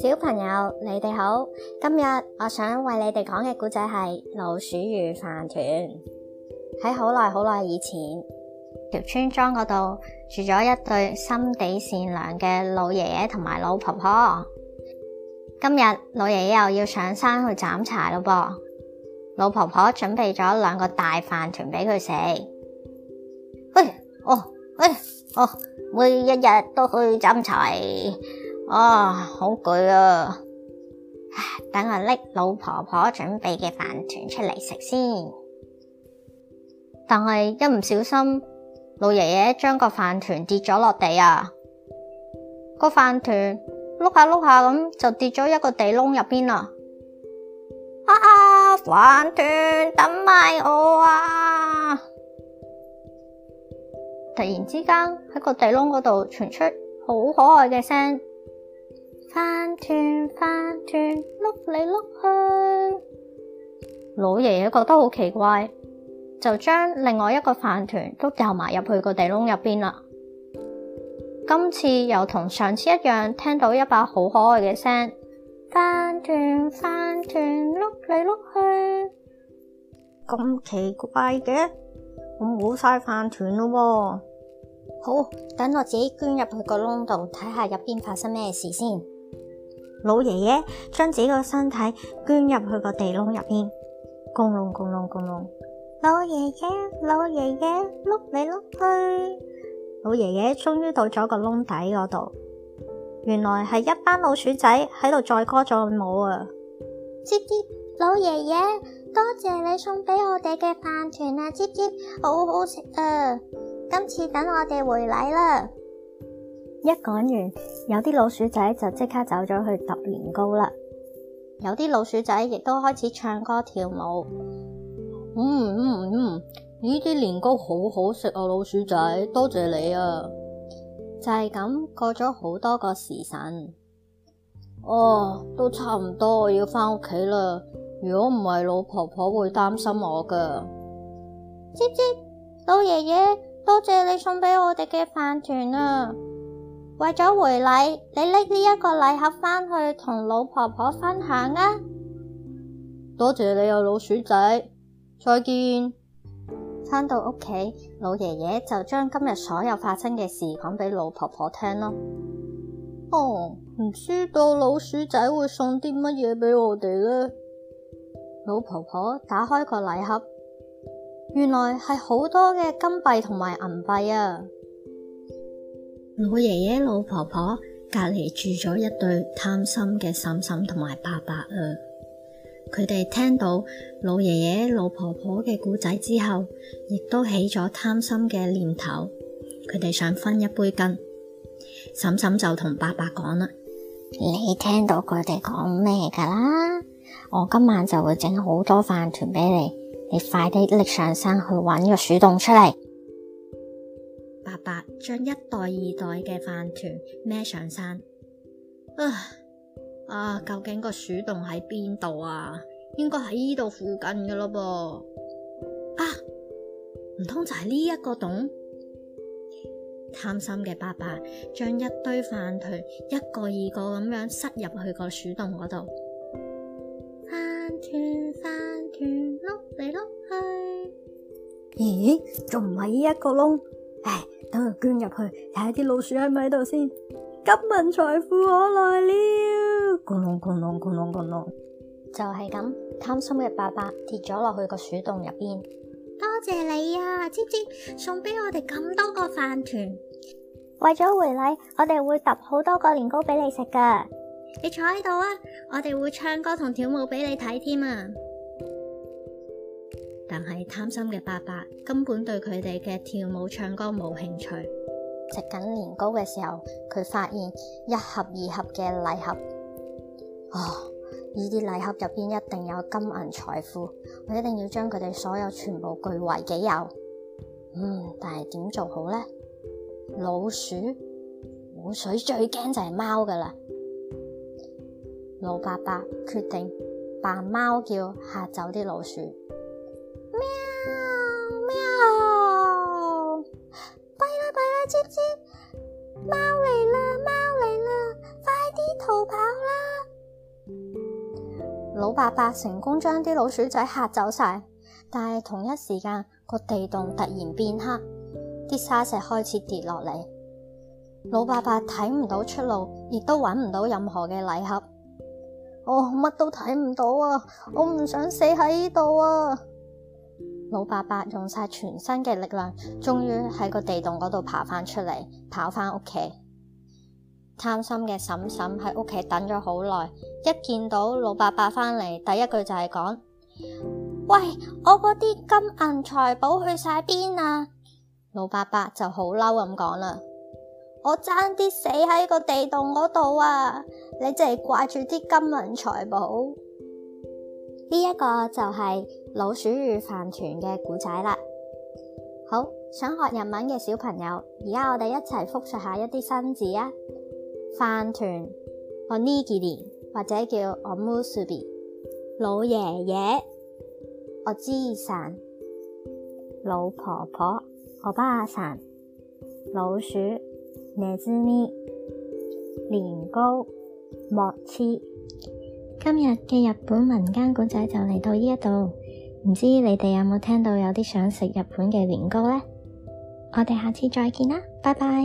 小朋友，你哋好。今日我想為你哋講嘅故仔係老鼠與飯糰。喺好耐好耐以前，條村莊嗰度住咗一對心地善良嘅老爺爺同埋老婆婆。今日老爺爺又要上山去斬柴咯噃，老婆婆準備咗兩個大飯糰俾佢食。喂，哦。喂，哦，每一日都去撿柴，啊，好攰啊！唉，等我拎老婆婆準備嘅飯糰出嚟食先。但係一唔小心，老爺爺將個飯糰跌咗落地啊！個飯糰碌下碌下咁就跌咗一個地窿入邊啦！啊啊，飯糰等埋我啊！突然之間喺個地窿嗰度傳出好可愛嘅聲，飯糰飯糰碌嚟碌去，老爺爺覺得好奇怪，就將另外一個飯糰都掉埋入去個地窿入邊啦。今次又同上次一樣，聽到一把好可愛嘅聲，飯糰飯糰碌嚟碌去，咁奇怪嘅。我冇曬飯糰咯，好等我自己捐入去個窿度，睇下入邊發生咩事先。老爺爺將自己個身體捐入去個地窿入邊，咕隆咕隆咕隆。老爺爺，老爺爺，碌嚟碌去。老爺爺終於到咗個窿底嗰度，原來係一班老鼠仔喺度載歌載舞啊！老爺爺，多謝你送俾我哋嘅飯糰啊，唧唧好好食啊！今次等我哋回禮啦。一講完，有啲老鼠仔就即刻走咗去揼年糕啦。有啲老鼠仔亦都開始唱歌跳舞。嗯嗯嗯，呢、嗯、啲、嗯嗯、年糕好好食啊！老鼠仔，多謝你啊！就係咁，過咗好多個時辰。哦，嗯、都差唔多，我要翻屋企啦。如果唔係老婆婆會擔心我噶吱吱，老爺爺，多謝你送俾我哋嘅飯糰啊！為咗回禮，你拎呢一個禮盒返去同老婆婆分享啊！多謝你啊，老鼠仔！再見。返到屋企，老爺爺就將今日所有發生嘅事講俾老婆婆聽咯。哦，唔知道老鼠仔會送啲乜嘢俾我哋呢？老婆婆打開個禮盒，原來係好多嘅金幣同埋銀幣啊！老爺爺、老婆婆隔籬住咗一對貪心嘅嬸嬸同埋伯伯啊！佢哋聽到老爺爺、老婆婆嘅故仔之後，亦都起咗貪心嘅念頭，佢哋想分一杯羹。嬸嬸就同伯伯講啦：你聽到佢哋講咩㗎啦？我今晚就會整好多飯團俾你，你快啲拎上山去搵個鼠洞出嚟。爸爸將一袋二袋嘅飯團孭上山。啊、呃、啊，究竟個鼠洞喺邊度啊？應該喺呢度附近噶咯噃。啊，唔通就係呢一個洞？貪心嘅爸爸將一堆飯團一個二個咁樣塞入去個鼠洞嗰度。團飯團碌嚟碌去。咦？仲唔係一個窿？唉，等佢捐入去睇下啲老鼠喺咪度先。金銀財富我來了！咕隆咕隆咕隆咕隆，就係咁貪心嘅爸爸跌咗落去個鼠洞入邊。多謝你啊，知唔知送俾我哋咁多個飯團，為咗回禮，我哋會揼好多個年糕俾你食噶你坐喺度啊！我哋會唱歌同跳舞俾你睇添啊！但係貪心嘅伯伯根本對佢哋嘅跳舞唱歌冇興趣。食緊年糕嘅時候，佢發現一盒二盒嘅禮盒，哦，呢啲禮盒入邊一定有金銀財富，我一定要將佢哋所有全部據為己有。嗯，但係點做好呢？老鼠、污水最驚就係貓噶啦。老伯伯決定扮貓叫嚇走啲老鼠，喵喵，弊啦，弊啦，接接，貓嚟啦，貓嚟啦，快啲逃跑啦！老伯伯成功將啲老鼠仔嚇走晒，但係同一時間，個地洞突然變黑，啲沙石開始跌落嚟。老伯伯睇唔到出路，亦都揾唔到任何嘅禮盒。我乜都睇唔到啊！我唔想死喺呢度啊！老伯伯用晒全身嘅力量，終於喺個地洞嗰度爬翻出嚟，跑翻屋企。貪心嘅嬸嬸喺屋企等咗好耐，一見到老伯伯翻嚟，第一句就係講：「喂，我嗰啲金銀財寶去晒邊啊？」老伯伯就好嬲咁講啦。我差啲死喺個地洞嗰度啊！你淨係掛住啲金銀財寶。呢一個就係老鼠與飯糰嘅古仔啦。好，想學日文嘅小朋友，而家我哋一齊複述下一啲新字啊！飯糰，おにぎり或者叫おむすび老爺爺，おじいさん，老婆婆，おばあさん，老鼠。奈斯米年糕莫切，今日嘅日本民間古仔就嚟到呢一度，唔知你哋有冇聽到有啲想食日本嘅年糕咧？我哋下次再見啦，拜拜。